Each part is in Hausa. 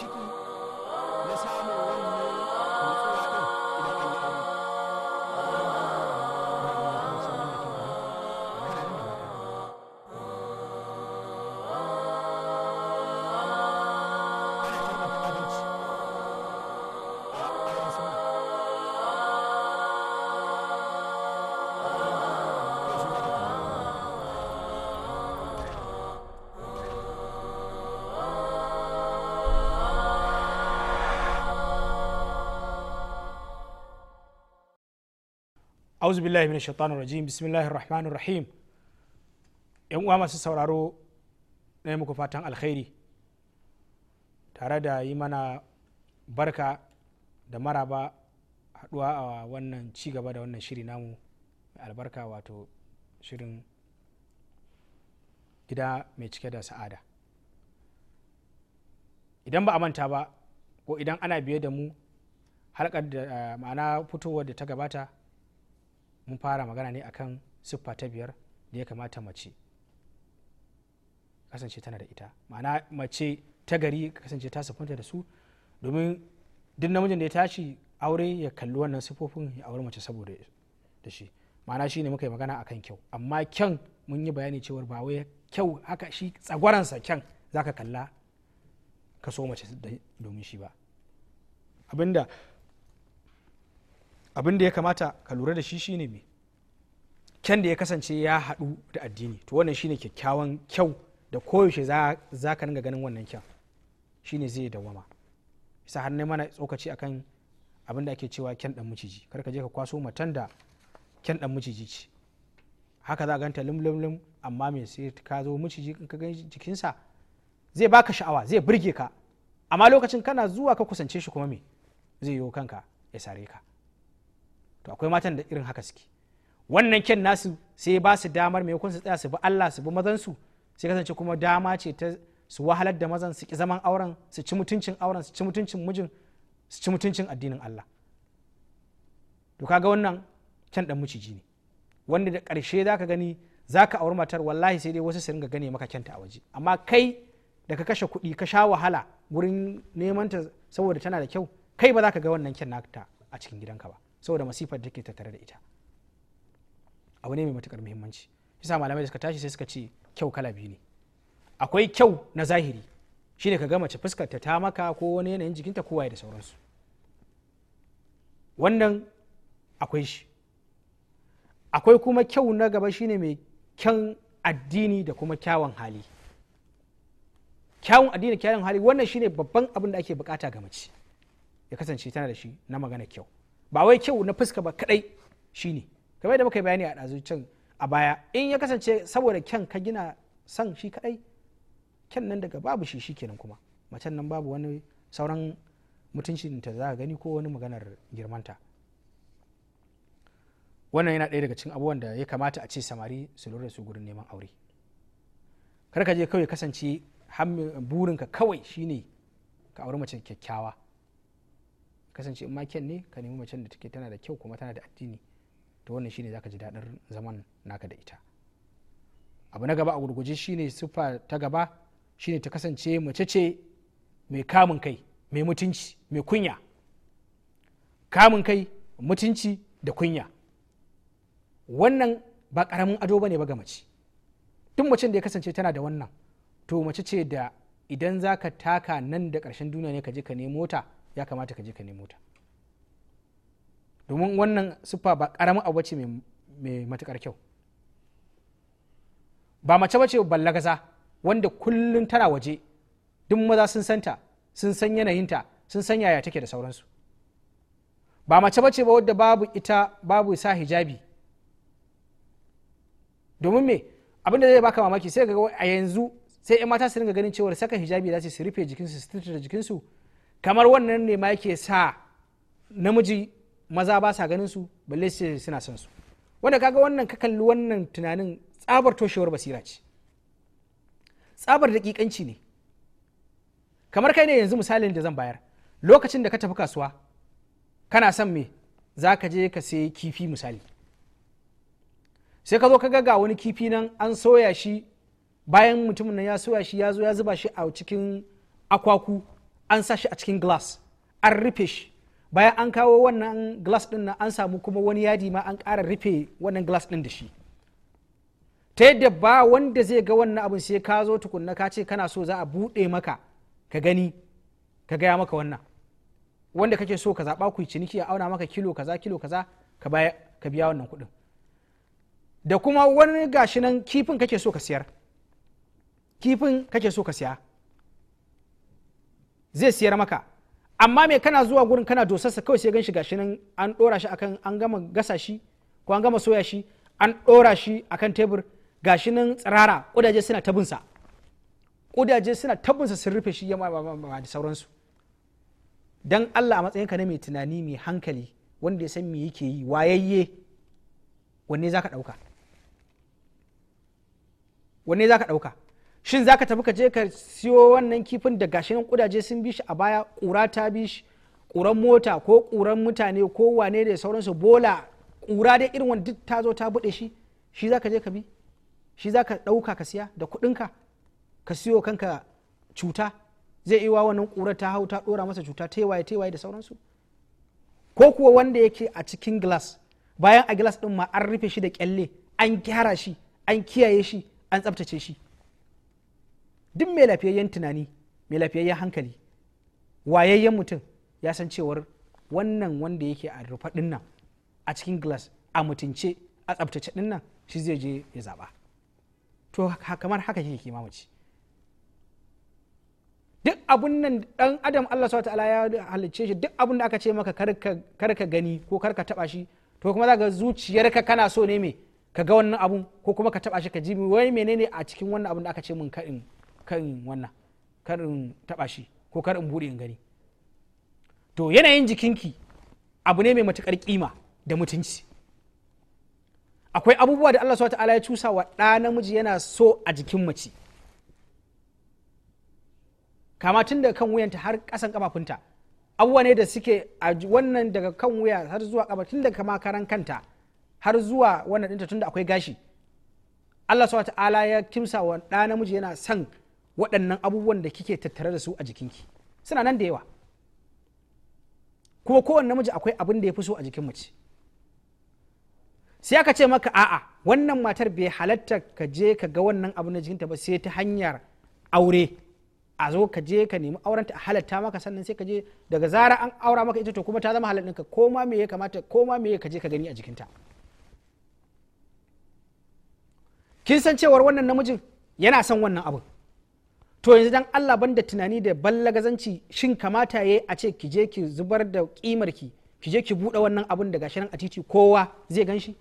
마시고 auzu billahi min shaitanu rajim bismillahir rahmanir rahim yan uwa masu sauraro na muku fatan alkhairi tare da yi mana barka da maraba haduwa a wannan ci gaba da wannan shiri namu mai albarka wato shirin gida mai cike da sa'ada idan ba a manta ba ko idan ana biye da mu halkar da ma'ana fitowar da ta gabata mun fara magana ne akan siffa ta biyar da ya kamata mace kasance tana da ita ma'ana mace ta gari kasance ta siffanta da su domin duk namijin da ya tashi aure ya kalli wannan siffofin ya aure mace saboda da shi ma'ana shi ne muka yi magana akan kyau amma kyan mun yi bayani cewar ba wai kyau haka shi tsagwaransa kyan zaka kalla ka so mace domin shi ba abinda abin da ya kamata ka lura da shi shine me kyan da ya kasance ya haɗu da addini to wannan shine kyakkyawan kyau da koyaushe za ka ringa ganin wannan kyan shine zai dawama isa har mana tsokaci akan abin da ake cewa kyan dan miciji kar ka je ka kwaso matan da kyan dan miciji ce haka za ganta lim amma me sai ka zo miciji ka gan jikinsa zai baka sha'awa zai burge ka amma lokacin kana zuwa ka kusance shi kuma me zai yiwo kanka ya sare ka to akwai matan da irin haka suke wannan kyan nasu sai ba su damar maimakon su tsaya su bi Allah su bi mazan su sai kasance kuma dama ce ta su wahalar da mazan su ki zaman auren su ci mutuncin auren su ci mutuncin mijin su ci mutuncin addinin Allah to kaga wannan kyan dan miciji ne wanda da karshe zaka gani zaka auri matar wallahi sai dai wasu su ringa gane maka kyanta a waje amma kai da ka kashe kuɗi ka sha wahala wurin neman ta saboda tana da kyau kai ba za ka ga wannan kyan nata a cikin gidanka ba saboda masifar da ke tattare da ita abu ne mai matukar muhimmanci yasa malamai da suka tashi sai suka ce kyau kala biyu ne akwai kyau na zahiri shine ka ga mace fuskar ta maka ko wani yanayin jikinta waye da sauransu wannan akwai shi akwai kuma kyau na gaba shine mai kyan addini da kuma kyawun hali kyawun addini kyawun hali wannan shine babban abin da ake bukata ga mace ya kasance tana da shi na magana kyau ba wai kyau na fuska ba kadai shine kamar da muka bayani a ɗazucin a baya in ya kasance saboda kyan ka gina san shi kadai kyan nan daga babu shi shi kenan kuma macen nan babu wani sauran mutuncin ta za gani ko wani maganar girmanta wannan yana ɗaya daga cikin abubuwan da ya kamata a ce samari su lura su gurin neman aure kar ka je kawai kasance burinka kawai shine ka auri mace kyakkyawa kasance in ma kyan ne ka nemi macen da take tana da kyau kuma tana da addini to wannan shine zaka ji daɗin zaman naka da ita abu na gaba a gurguje shine siffa ta gaba shine ta kasance mace ce mai kamun kai mai mutunci mai kunya kamun kai mutunci da kunya wannan ba karamin ado bane ba ga mace Tun macen da ya kasance tana da wannan to mace ce da idan zaka taka nan da ƙarshen duniya ne ka je ka nemo mota. ya kamata ka je ka nemo ta domin wannan siffa ba karamin abu ce mai matukar kyau ba mace ba ce ballagaza wanda kullum tana waje duk maza sun santa sun san yanayinta sun san yaya take da sauransu ba mace ba ce ba wadda babu ita babu sa hijabi domin me abin zai baka mamaki sai ga a yanzu sai 'yan mata su ringa ganin cewar saka hijabi za su rufe jikinsu su da jikinsu kamar wannan ne ma yake sa namiji maza ba sa ganin su balle suna son su wanda kaga wannan ka kalli wannan tunanin tsabar toshewar basira ce tsabar daƙiƙanci ne kamar kai ne yanzu misalin da zan bayar lokacin da ka tafi kasuwa kana son me za ka je ka sayi kifi misali sai ka zo ka ga wani kifi nan an soya shi bayan mutumin nan ya soya shi ya zo ya zuba shi a cikin akwaku an sa shi a cikin glass an rufe shi bayan an kawo wannan glass din nan an samu kuma wani yadi ma an kara rufe wannan glass din da shi ta yadda ba wanda zai ga wannan abin sai ka zo tukunna ka ce kana so za a buɗe maka ka gani ka gaya maka wannan wanda kake so ka zaɓa ku ciniki a auna maka kilo kaza kilo kaza ka baya ka biya wannan kuɗin da kuma wani gashinan kifin kake so ka siyar kifin kake so ka siya zai siyar maka amma mai kana zuwa gurin kana sa kawai sai gan shi gashi nan an dora shi akan an gama gasa shi ko an gama soya shi an dora shi akan tebur gashi nan tsirara kudaje suna sa kudaje suna sa sun rufe shi yamma da sauransu dan Allah a matsayinka na mai tunani mai hankali wanda ya san me yake yi wayayye wanne zaka dauka wanne zaka dauka shin zaka tafi ka je ka siyo wannan kifin da gashi nan kudaje sun bi shi a baya kura ta bi shi kuran mota ko kuran mutane ko wane da sauransu bola kura dai irin wanda duk ta zo ta bude shi shi zaka je ka bi shi zaka dauka ka siya da kudinka ka siyo kanka cuta zai iya wannan kura ta hau ta ɗora masa cuta ta waye taiwaye da sauransu ko kuwa wanda yake a cikin glass bayan a glass din ma an rufe shi da kyalle an gyara shi an kiyaye shi an tsabtace shi duk mai lafiyayyen tunani mai lafiyayyen hankali wayayyen mutum ya san cewar wannan wanda yake a rufa nan a cikin glass a mutunce a tsabtace nan shi zai je ya zaba to kamar haka kike kima mace duk abun nan dan adam Allah subhanahu ta'ala ya halicce shi duk abun da aka ce maka kar ka gani ko kar taba shi to kuma zaka zuciyarka kana so ne me ka ga wannan abun ko kuma ka taba shi ka ji wai menene a cikin wannan abun da aka ce mun kadin kan wannan kar in taba shi ko kar in bude in gani to yanayin jikinki abu ne mai matukar kima da mutunci akwai abubuwa da Allah subhanahu ta'ala ya cusa wa ɗa namiji yana so a jikin mace kama tun daga kan wuyanta har ƙasan kafafunta abubuwa ne da suke a wannan daga kan wuya har zuwa kafa tun daga makaran kanta har zuwa wannan ɗinta tun da akwai gashi Allah subhanahu ta'ala ya kimsa wa ɗa namiji yana son waɗannan abubuwan da kike tattare da su a jikinki suna nan da yawa kuma kowane namiji akwai abin da ya fi so a jikin mace sai aka ce maka a'a wannan matar bai halatta ka je ka ga wannan abu na jikinta ba sai ta hanyar aure a zo ka je ka nemi aurenta a halatta maka sannan sai ka je daga zara an aura maka ita to kuma ta zama halatta ka koma me ya kamata koma me ka je ka gani a jikinta kin san cewar wannan namijin yana son wannan abin to yanzu dan Allah banda tunani da ballagazanci shin kamata yayi a ce ki je ki zubar da kimar ki kije je ki bude wannan abun daga shirin a titi kowa zai gan shi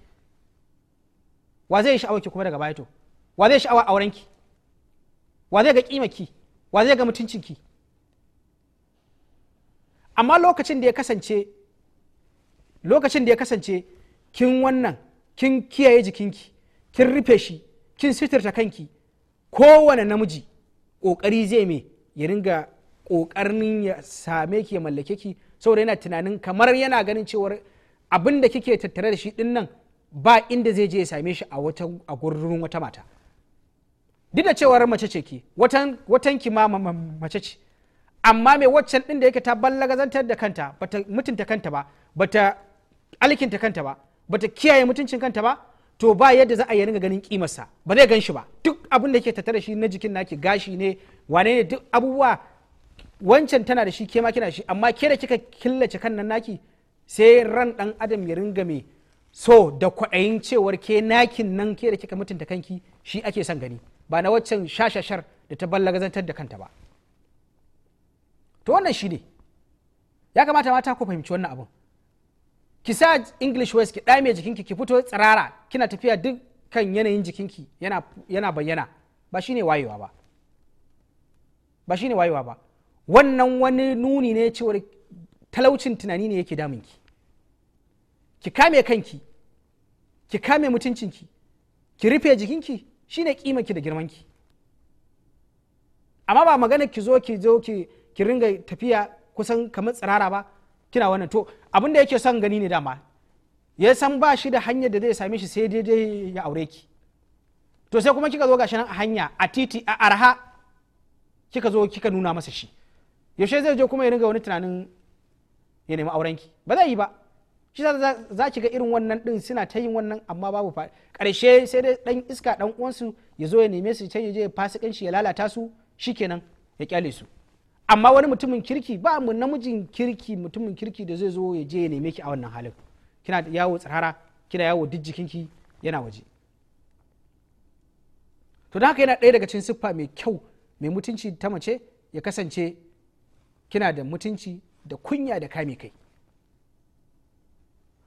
wa zai sha'awa ki kuma daga baya to wa zai sha'awa auren ki wa zai ga kimar ki wa zai ga mutuncin ki amma lokacin da ya kasance lokacin da ya kasance kin wannan kin kiyaye jikinki kin rufe shi kin sitirta kanki kowane namiji ƙoƙari zai me ya ringa kokarin ya same ki ya mallake ki saboda yana tunanin kamar yana ganin cewar abin da kike tattare da shi din ba inda zai je ya same shi a wata a gurin wata mata duk da cewar mace ce ki watan watan ki ma mace ce amma mai waccan din da yake ta ballagazantar da kanta bata mutunta kanta ba bata alkinta kanta ba bata kiyaye mutuncin kanta ba to ba yadda za a yi ringa ganin kimarsa ba zai gan shi ba duk abin da ke tattare shi na jikin naki gashi ne wane ne duk abubuwa wancan tana da shi ke ma kina shi amma ke da kika killace kan nan naki sai ran dan adam ya ringa mai so da kwaɗayin cewar ke nakin nan ke da kika mutunta kanki shi ake son gani ba na waccan shashashar da ta ballagazantar da kanta ba to wannan shi ne ya kamata mata ku fahimci wannan abin ki sa english west ki ɗame jikinki ki fito tsirara kina tafiya dukkan yanayin jikinki yana bayyana ba shine wayewa ba ba shine wayewa ba wannan wani nuni ne cewa talaucin tunani ne yake damun ki kame kanki ki kame mutuncinki ki rufe jikinki shine kimanki da girmanki amma ba magana ki zo ki zo ki ringa tafiya kusan kamar tsirara ba kina wannan to abin da yake son gani ne dama ya san ba shi da hanyar da zai same shi sai daidai ya aure ki to sai kuma kika zo gashi nan a hanya a titi a arha kika zo kika nuna masa shi yaushe zai je kuma ya riga wani tunanin ya nemi auren ki ba zai yi ba shi za ki ga irin wannan din suna ta yin wannan amma babu fa karshe sai dai dan iska dan uwansu ya zo ya neme su sai ya je ya shi ya lalata su shikenan ya kyale su amma wani mutumin kirki ba mu namijin kirki mutumin kirki da zai zo ya je ya neme ki a wannan halin kina yawo tsirara kina yawo duk ki yana waje to haka yana ɗaya daga cikin siffa mai kyau mai mutunci ta mace ya kasance kina da mutunci da kunya da kame kai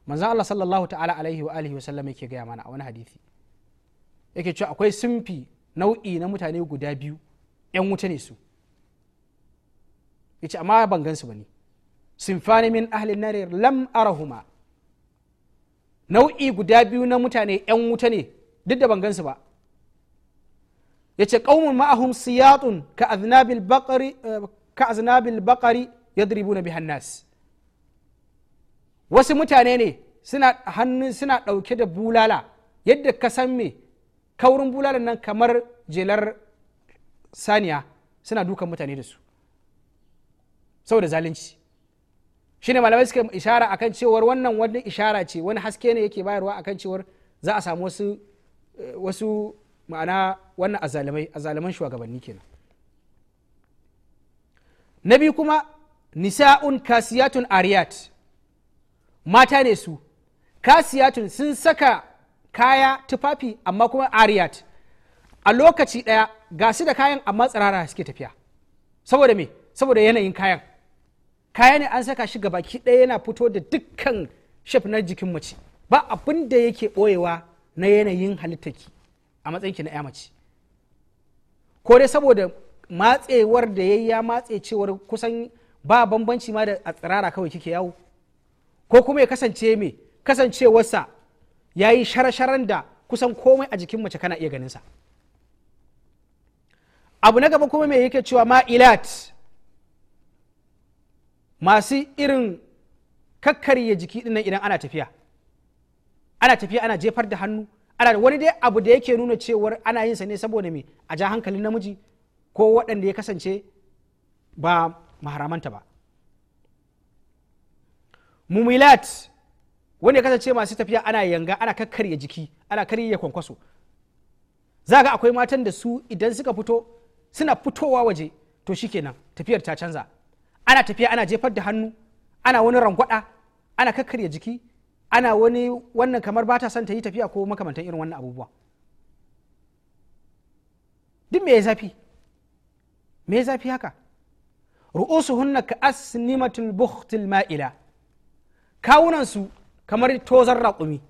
manzan Allah sallallahu ta'ala alaihi wa alihi wasallam yake gaya mana a wani hadisi yake cewa akwai simfi nau'i na mutane guda biyu 'yan wuta ne su yace amma ban gansu bane sinfani min ahli nari lam arahuma nau'i guda biyu na mutane yan wuta ne duk da ban gansu ba yace qaumun ma'ahum siyatun ka aznabil baqari ka aznabil baqari yadribuna bihan nas wasu mutane ne suna hannun suna dauke da bulala yadda ka san me kaurin bulalan nan kamar jelar saniya suna dukan mutane da su saboda zalunci shine malamai suka ishara akan cewar wannan wani ishara ce wani haske ne yake bayarwa akan cewar za a samu wasu eh, wasu ma'ana wannan azalimai azaliman shugabanni kenan na biyu kuma nisa'un kasiyatun ariyat mata ne su kasiyatun sun saka kaya tufafi amma kuma ariyat a lokaci ɗaya ga su da kayan amma tsirara suke tafiya saboda me saboda yanayin kayan kaya ne an saka shi ga baki ɗaya yana fito da dukkan shaf na jikin mace ba abin da yake ɓoyewa na yanayin ki a matsayin ki na 'ya mace ko dai saboda matsewar da ya ya matse cewar kusan ba bambanci ma da a tsirara kawai kike yawo ko kuma ya kasance me kasancewarsa ya yi shara-sharan da kusan komai a jikin mace kana iya ganinsa abu na gaba kuma me yake cewa ma ilat masu irin kakkarya jiki dinnan idan ana tafiya ana tafiya ana jefar da hannu ana wani dai abu da yake nuna cewa ana yin sa ne saboda me a ja hankalin namiji ko waɗanda ya kasance ba maharamanta ba mumilat wani ya kasance masu tafiya ana yanga ana kakkarya jiki ana karya kwankwaso za ga akwai matan da su idan suka fito suna fitowa waje to shikenan tafiyar ta canza ana tafiya ana jefar da hannu ana wani rangwada ana kakkarya jiki ana wani wannan kamar ba ta son ta yi tafiya ko makamantan irin wannan abubuwa duk me zafi me zafi haka ru'usuhunna ka asnimatul bukhtil ma'ila kawunan su kamar tozar raƙumi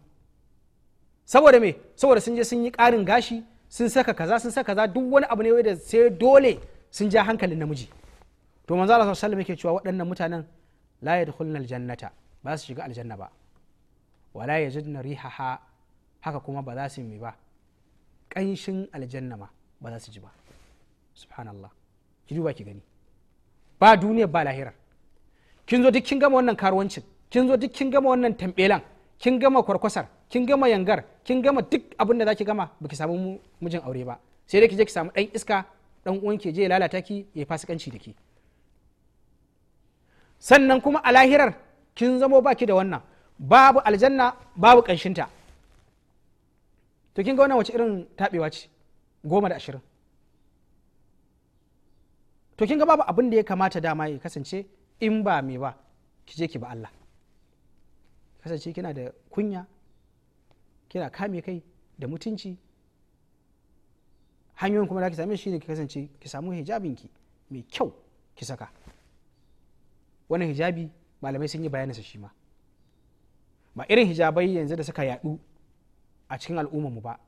saboda me saboda sun je sun yi ƙarin gashi sun saka kaza sun saka kaza duk wani abu ne da sai dole sun ja hankalin namiji to manzo Allah sallallahu alaihi cewa waɗannan mutanen la yadkhulna aljannata ba su shiga aljanna ba wala yajidna rihaha haka kuma ba za su yi ba ƙanshin aljanna ma ba za su ji ba subhanallah ki duba ki gani ba duniya ba lahirar kin zo duk kin gama wannan karuwancin kin zo duk kin gama wannan tambelan kin gama kwarkwasar kin gama yangar kin gama duk abin da zaki gama baki samu mijin aure ba sai dai ki je ki samu dan iska dan uwan ke je ya lalata ki ya fasikanci da ki sannan kuma a lahirar kin zamo baki da wannan babu aljanna babu ƙanshinta to kin ga wannan wace irin tabewa ce goma da ashirin to kin ga babu abin da ya kamata dama ya kasance in ba me ba ki je ki ba Allah kasance kina da kunya kina kame kai da mutunci hanyoyin kuma da ki same shi ne ki kasance ki samu hijabinki mai kyau ki saka wannan hijabi malamai sun yi sa shi ma ba irin hijabai yanzu da suka yadu a cikin mu ba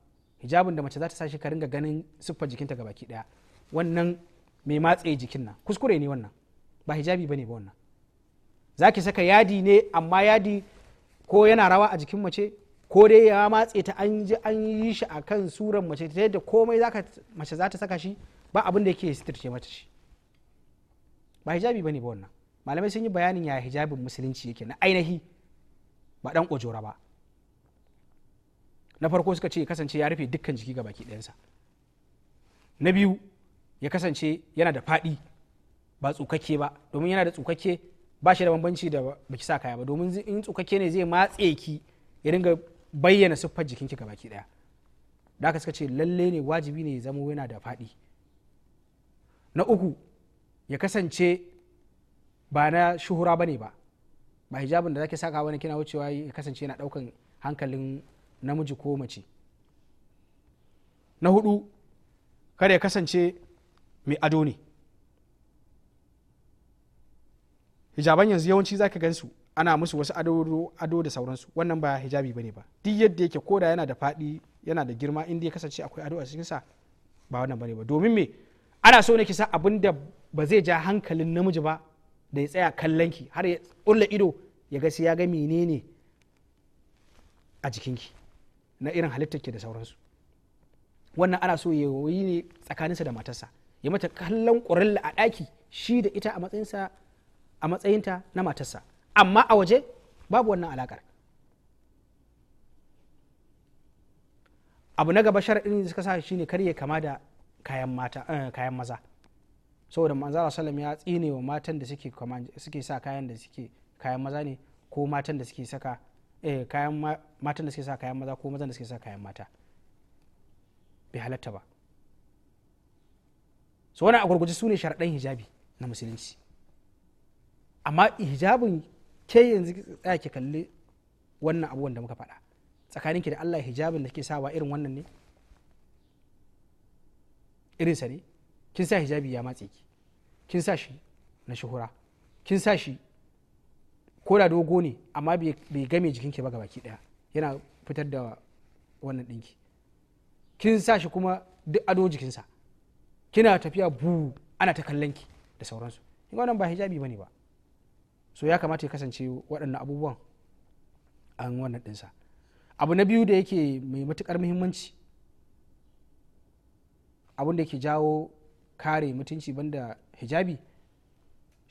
hijabin da mace za ta sa shi ka ringa ganin siffar jikinta ga baki daya wannan mai matse jikin nan kuskure ne wannan ba hijabi bane ba wannan za ki saka yadi ne amma yadi ko yana rawa a jikin mace ko dai ya matse ta an ji an yi shi a kan suran mace ta yadda komai mace za ta saka shi ba abin da yake sitirce mata shi ba hijabi bane ba wannan malamai sun yi bayanin ya hijabin musulunci yake na ainihi ba dan ojora ba na farko suka ce ya kasance ya rufe dukkan jiki ga baki ɗayansa na biyu ya kasance yana da faɗi ba tsukakke ba domin yana da tsukakke ba shi da bambanci da baki sa kaya ba domin in tsukakke ne zai matse ki ya dinga bayyana siffar jikinki ga baki ɗaya da aka suka ce lalle ne wajibi ne ya zama yana da faɗi na uku ya kasance ba na shuhura bane ba ba hijabin da zaki saka wani kina wucewa ya kasance yana daukan hankalin namiji ko mace na hudu kada ya kasance mai ado ne hijaban yanzu yawanci zaka su ana musu wasu ado da sauransu wannan ba hijabi bane ba duk yadda yake koda yana da fadi yana da girma inda ya kasance akwai ado a cikin sa ba wannan bane ba domin me ana so ne ki sa abin da ba zai ja hankalin namiji ba da ya tsaya kallon ki har ya ƙulla ido ya ga ya ga menene a jikinki na irin halittarki da sauransu wannan ana so ya yi ne tsakaninsa da matarsa ya mata kallon ƙurilla a ɗaki shi da ita a a matsayinta na matarsa amma a waje babu wannan alaƙar abu na gaba sharaɗin da suka sa ne kar ya kama da kayan eh, maza saboda manzara salam ya tsine wa matan da suke sa kayan da suke kayan maza ne ko matan da suke saka eh kayan matan da suke sa kayan maza ko mazan da suke sa kayan mata bai halatta ba so wannan a gurguje su ne sharaɗan hijabi na musulunci amma hijabin ke yanzu tsaya ki kalli wannan abubuwan da muka faɗa tsakaninki da allah hijabin da ke sawa irin wannan ne irinsa ne kin sa hijabi ya matse ki kin sa shi na shuhura kin sa shi ko da dogo ne amma bai game jikinki ba gabaki daya yana fitar da wannan dinki kin sa shi kuma duk ado jikinsa kina tafiya bu ana ta kallon ki da sauransu in wannan ba hijabi bane ba so ya kamata ya kasance waɗannan abubuwan an wannan dinsa abu na biyu da yake mai matukar muhimmanci abin da ke jawo kare mutunci banda hijabi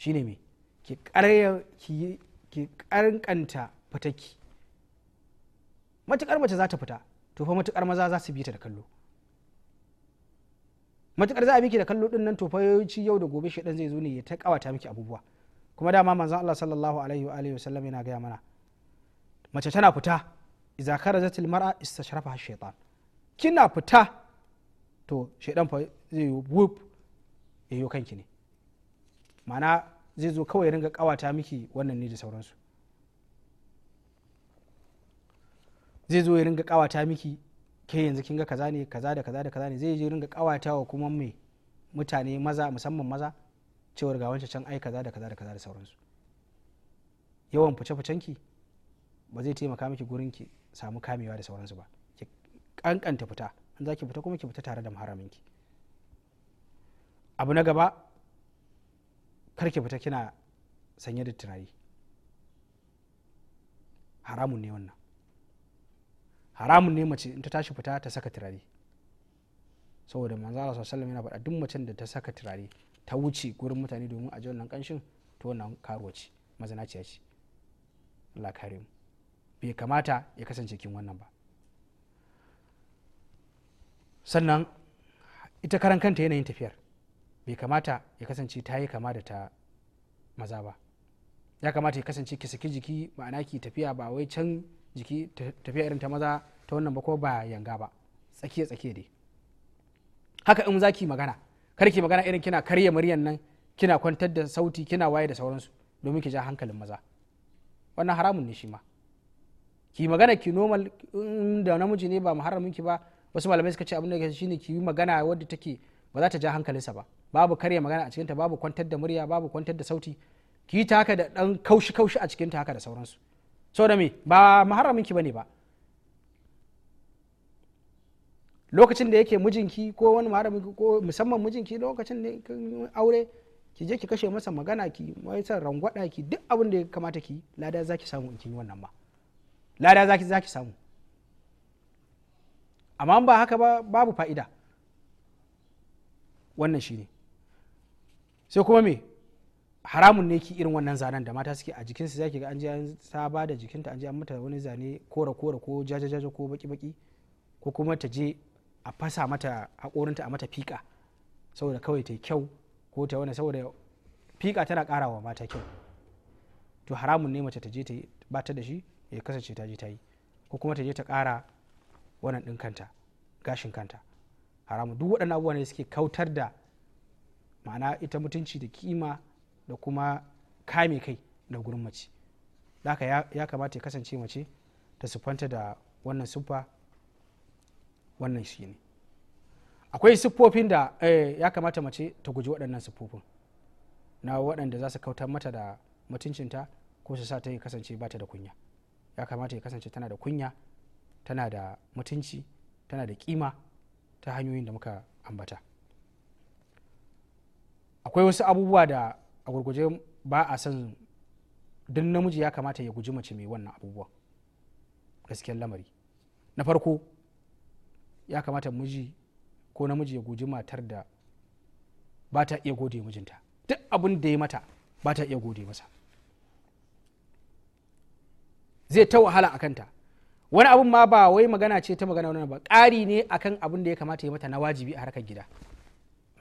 shine me ki karkanta fataki matukar mace za ta fita to fa matukar maza za su bi ta da kallo matukar za a biki da kallo din nan to yawanci yau da gobe shedan zai zo ne ya ta kawata miki abubuwa kuma dama manzan Allah sallallahu alaihi wa alihi wasallam yana gaya mana mace tana fita idza ta mar'a istashrafa shaytan kina fita to shedan fa zai yi wuf yayyo kanki ne mana zai zo kawai ringa kawata miki wannan ne da sauransu zai zo ya ringa kawata miki ke yanzu kin ga kaza ne kaza da kaza da kaza ne zai je ringa kawata wa kuma mai mutane maza musamman maza cewar ga wancan can ai kaza da kaza da kaza da sauransu yawan fice ki ba zai taimaka miki gurin ki samu kamewa da sauransu ba ki kankanta fita an za ki fita kuma ki fita tare da ki abu na gaba karki fita kina sanye da turare haramun ne wannan haramun ne mace in ta tashi fita ta saka turare saboda manzo Allah sallallahu yana faɗa duk macen da ta saka turare ta wuce gurin mutane domin a ji wannan kanshin to wannan karuwa ce mazanaciya ce Allah kare mu bai kamata ya kasance kin wannan ba sannan ita karan kanta yanayin tafiyar bai kamata ya kasance ta yi kama da ta maza ba ya kamata ya kasance ki saki jiki ma'ana ki tafiya ba wai can jiki tafiya irin ta maza ta wannan ba ko ba yanga ba tsakiya tsakiya dai haka in za ki magana kar ki magana irin kina karya muryan nan kina kwantar da sauti kina waye da sauransu domin ki ja hankalin maza wannan haramun ne shi ma ki magana ki normal da namiji ne ba muharramin ki ba wasu malamai suka ce abin da shine ki yi magana wadda take ba za ta ja hankalinsa ba babu karya magana a cikinta babu kwantar da murya babu kwantar da sauti ki ta haka da dan kaushi kaushi a cikinta haka da sauransu so da me ba maharamin ki bane ba lokacin da yake mijinki ko wani maharamin ko musamman mijinki lokacin da aure ki je ki kashe masa magana ki mai rangwada ki duk abin da ya kamata ki lada zaki samu in kin wannan ba lada zaki zaki samu amma ba haka ba babu fa'ida wannan shine sai kuma me haramun ne ki irin wannan zanen da mata suke a jikinsu zaki ga an je an saba da jikinta an je an mata wani zane kora kora ko jajajaja ko baki baki ko kuma ta je a fasa mata hakorinta a mata fiƙa saboda kawai ta kyau ko ta wani saboda fiƙa tana karawa wa mata kyau to haramun ne mace ta je ta bata da shi ya kasance ta je ta yi ko kuma ta je ta kara wannan din kanta gashin kanta haramun duk waɗannan abubuwa ne suke kautar da ma'ana ita mutunci da kima da kuma kame kai da gurin mace haka ya kamata ya kasance mace ta siffanta da wannan siffa wannan shi ne akwai siffofin da eh, ya kamata mace ta guji waɗannan siffofin na waɗanda za su kautar mata da mutuncinta ko su sa ta kasance ba ta da kunya ya kamata ya kasance tana da kunya tana da mutunci tana da kima ta hanyoyin da muka ambata akwai wasu abubuwa da a gurguje ba a son duk namiji ya kamata ya guji mace mai wannan abubuwan gaskiyar lamari na farko ya kamata miji ko namiji ya guji matar da ba ta iya gode mijinta duk abin da ya mata ba ta iya gode masa zai ta wahala a kanta wani abun ma ba wai magana ce ta magana wani ba ƙari ne akan abin da ya kamata ya mata na wajibi a harkar gida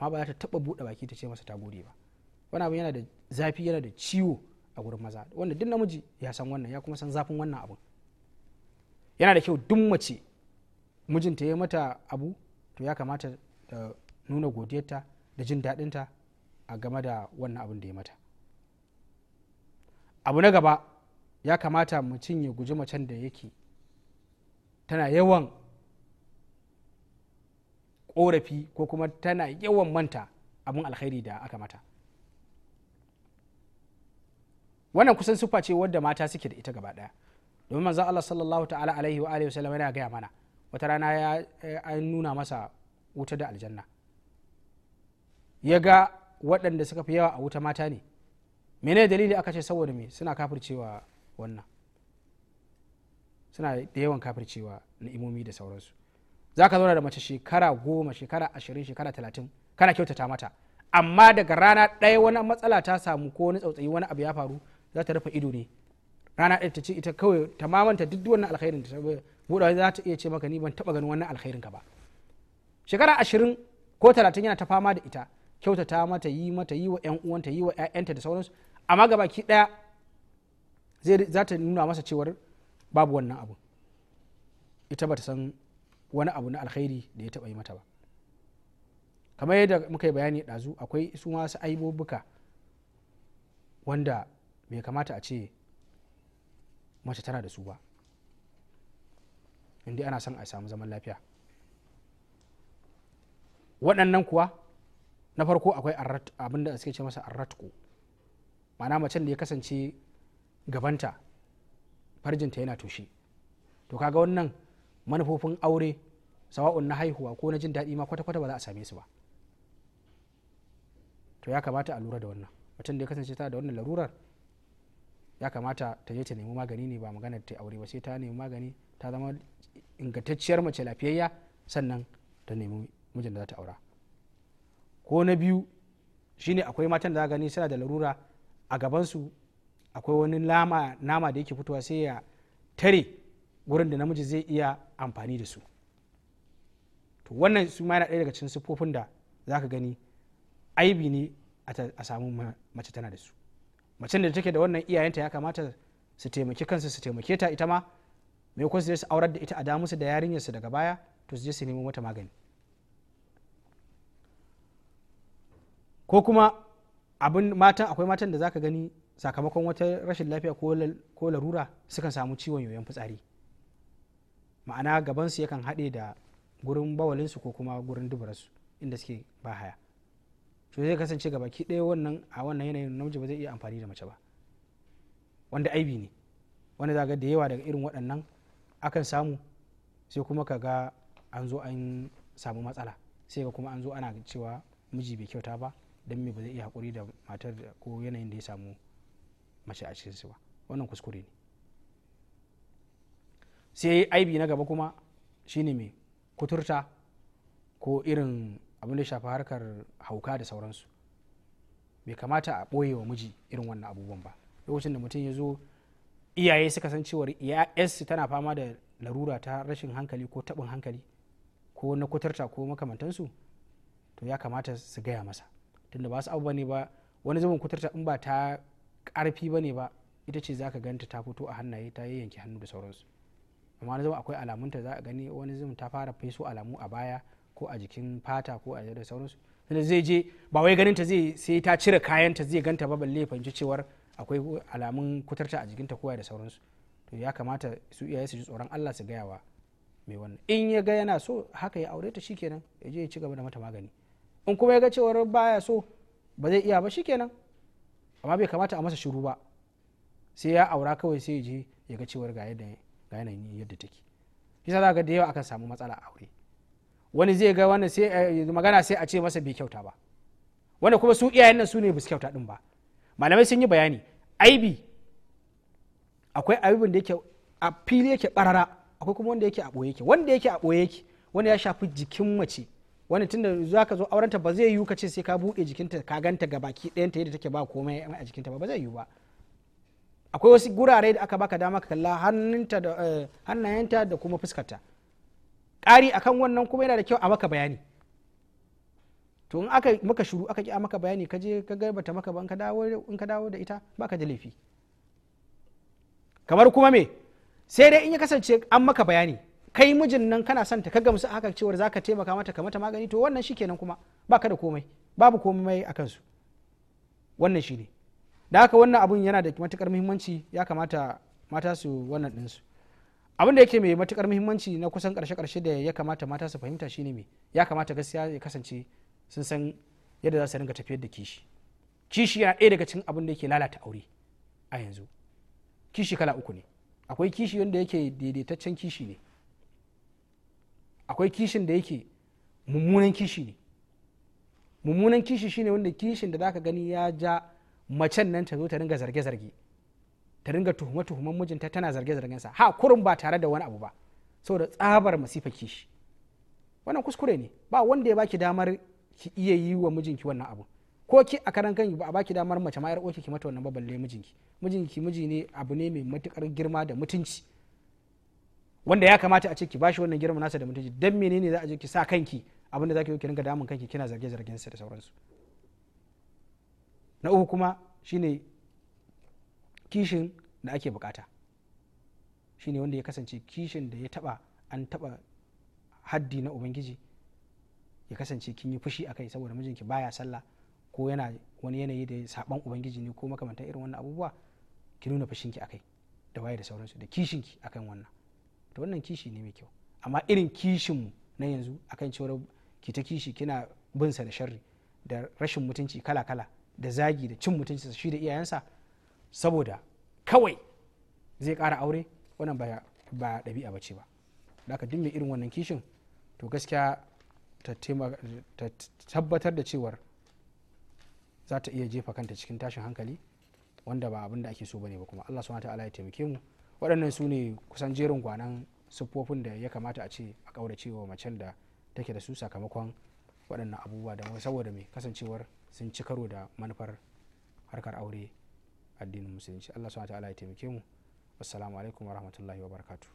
ma ba za ta taɓa buɗe baki ta ce masa ta gode ba wani abun yana da zafi yana da ciwo a gurin maza wanda duk namiji ya san wannan ya kuma san zafin wannan abun yana da kyau duk mace mijinta ya mata abu to ya kamata da nuna godiyarta da jin daɗinta a game da wannan abun da ya mata abu na gaba ya kamata mutum ya guji macen da yake tana yawan korafi ko kuma tana yawan manta abin alkhairi da aka mata wannan kusan siffa ce wadda mata suke da ita gaba daya domin manzo Allah sallallahu ta'ala alaihi wa alihi wasallam yana gaya mana wata rana ya eh, an nuna masa wuta da aljanna ya ga waɗanda suka fi yawa a wuta mata ne mene dalili aka ce saboda me suna kafircewa wannan suna da yawan kafircewa ni'imomi da sauransu za ka zauna da mace shekara goma shekara ashirin shekara talatin kana kyautata mata amma daga rana ɗaya wani matsala ta samu ko wani tsautsayi wani abu ya faru za ta rufe ido ne rana ɗaya ta ce ita kawai ta mamanta duk wannan alkhairin ta za ta iya ce maka ni ban taɓa ganin wannan alkhairin ka ba shekara ashirin ko talatin yana ta fama da ita kyautata mata yi mata yi wa 'yan uwanta yi wa 'ya'yanta da sauransu amma gabaki ɗaya za ta nuna masa cewar babu wannan abu ita bata san wani abu na alkhairi da ya taba yi mata ba kamar yadda muka yi bayani ɗazu akwai su masu aibobuka wanda bai kamata a ce mace tana da su ba inda ana son a samu zaman lafiya waɗannan kuwa na farko akwai abin da suke ce masa arratku ma'ana macen da ya kasance gabanta farjinta yana toshe to kaga wannan manufofin aure sawa'un na haihuwa ko na jin daɗi ma kwata-kwata ba za a same su ba to ya kamata a lura da wannan mutum da ya kasance ta da wannan larurar ya kamata ta je ta nemi magani ne ba magana ta aure ba sai ta nemi magani ta zama ingantacciyar mace lafiyayya sannan ta nemi mijin da za ta aura ko na biyu shine akwai matan da za gani suna da larura a gabansu akwai wani lama nama da yake fitowa sai ya tare gurin da namiji zai iya amfani da su to wannan su ma yana ɗaya daga cikin siffofin da za ka gani aibi ne a samu mace tana da su macen da take da wannan iyayenta ya kamata su taimaki kansu su taimake ta ita ma mai kwan su su aurar da ita a damusu da yarinyarsu daga baya to su je su nemo mata magani ko kuma abin matan akwai matan da zaka gani sakamakon wata rashin lafiya ko larura sukan samu ciwon yoyon fitsari ma'ana gabansu yakan haɗe da gurin bawalinsu ko kuma gurin dubararsu inda suke ba haya to zai kasance ga baki ɗaya wannan a wannan yanayin namiji ba zai iya amfani da mace ba wanda aibi ne wanda za da yawa daga irin waɗannan akan samu sai kuma ka ga an zo an samu matsala sai ga kuma an zo ana cewa miji bai kyauta ba don me ba zai iya haƙuri da matar ko yanayin da ya samu mace a cikinsu ba wannan kuskure ne sai aibi na gaba kuma shine mai kuturta ko irin abin da shafi harkar hauka da sauransu bai kamata a ɓoye wa miji irin wannan abubuwan ba lokacin da mutum ya zo iyaye suka san cewar su tana fama da larura ta rashin hankali ko taɓin hankali ko na kuturta ko makamantansu to ya kamata su gaya masa tunda ba su abu ne ba wani zubin kuturta in ba ta karfi ba ne ba ita ce zaka ganta ta fito a hannaye ta yanke hannu da sauransu amma na zama akwai alamunta za a gani wani zama ta fara feso alamu a baya ko a jikin fata ko a da sauransu tunda zai je ba wai ganin ta zai sai ta cire kayan ta zai ganta ba balle fahimci cewar akwai alamun kutarta a jikinta kowa da sauransu to ya kamata su iyaye su ji tsoron Allah su gayawa mai wannan in ya ga yana so haka ya aure ta shikenan ya je ya ci gaba da mata magani in kuma ya ga cewar baya so ba zai iya ba shikenan amma bai kamata a masa shiru ba sai ya aura kawai sai ya je ya ga cewar ga yadda yanayin yadda take shi za ga da yawa akan samu matsala a aure wani zai ga wannan sai eh, magana sai a ce masa bai kyauta ba wanda kuma su iyayen nan su ne bisu kyauta din ba malamai sun yi bayani aibi akwai aibin da yake a fili yake barara akwai kuma wanda yake a ɓoye yake wanda yake a ɓoye yake wanda ya shafi jikin mace wani tun da za ka zo aurenta ba zai yiwu ka ce sai ka buɗe jikinta ka ganta ga baki ɗayanta yadda take ba komai a jikinta ba ba zai yiwu ba akwai wasu gurare da aka baka dama ka kalla eh, hannayenta da kuma fuskarta ƙari akan wannan kuma yana da kyau a maka bayani to in aka maka shuru aka ki a maka bayani ka je ka gaba ta maka ba in ka dawo da ita ba ka da laifi kamar kuma me sai dai in ya kasance an maka bayani kai mijin nan kana son ta kaga musu haka cewar ka taimaka mata ka mata magani to wannan shi kenan kuma baka da komai babu komai a kansu wannan shi ne. da haka wannan abun yana da matukar muhimmanci ya kamata mata su wannan ɗinsu abin da yake mai matukar muhimmanci na kusan karshe karshe da ya kamata mata su fahimta shine mai ya kamata gaskiya ya kasance sun san yadda za su ringa tafiyar da kishi kishi yana ɗaya daga cikin abin da yake lalata aure a yanzu kishi kala uku ne akwai kishi wanda yake daidaitaccen kishi ne akwai kishin da yake mummunan kishi ne mummunan kishi shine wanda kishin da zaka gani ya ja macen nan ta zo ta ringa zarge-zarge ta ringa tuhume tuhuman mijinta tana zarge-zargensa ha kurin ba tare da wani abu ba saboda tsabar masifa kishi wannan kuskure ne ba wanda ya baki damar ki iya yi wa mijinki wannan abu ko ki a karan kanki ba a baki damar mace ma yar ki mata wannan baballe mijinki mijinki miji ne abu ne mai matukar girma da mutunci wanda ya kamata a ce ki bashi wannan girma nasa da mutunci dan menene za a je ki sa kanki abinda zaki yi ki ringa damun kanki kina zarge zargen sa da sauransu na uku kuma shine kishin da ake bukata shine wanda ya kasance kishin da ya taba an taba haddi na ubangiji ya kasance kin yi fushi akai saboda mijinki baya sallah ko yana wani yanayi da saban ubangiji ne ko makamantar irin wannan abubuwa ki nuna fushinki akai da waye da sauransu da kishinki akan wannan to wannan kishi ne mai kyau amma irin kishin mu na yanzu akan cewar ki ta kishi kina bin sa da sharri da rashin mutunci kala kala da zagi da cin mutunci shi da iyayensa saboda kawai zai kara aure wannan ba ɗabi'a dabi'a bace ba da ka mai irin wannan kishin to gaskiya ta tabbatar da cewar za ta iya jefa kanta cikin tashin hankali wanda ba abin da ake so bane ba kuma allah subhanahu ta'ala ya taimake mu waɗannan su ne kusan jerin gwanan siffofin da ya kamata a ce a ƙauracewa macen da take da su sakamakon waɗannan abubuwa da saboda mai kasancewar sun ci karo da manufar harkar aure addinin musulunci allah subhanahu ta'ala ya taimake mu assalamu alaikum wa rahmatullahi wa barakatu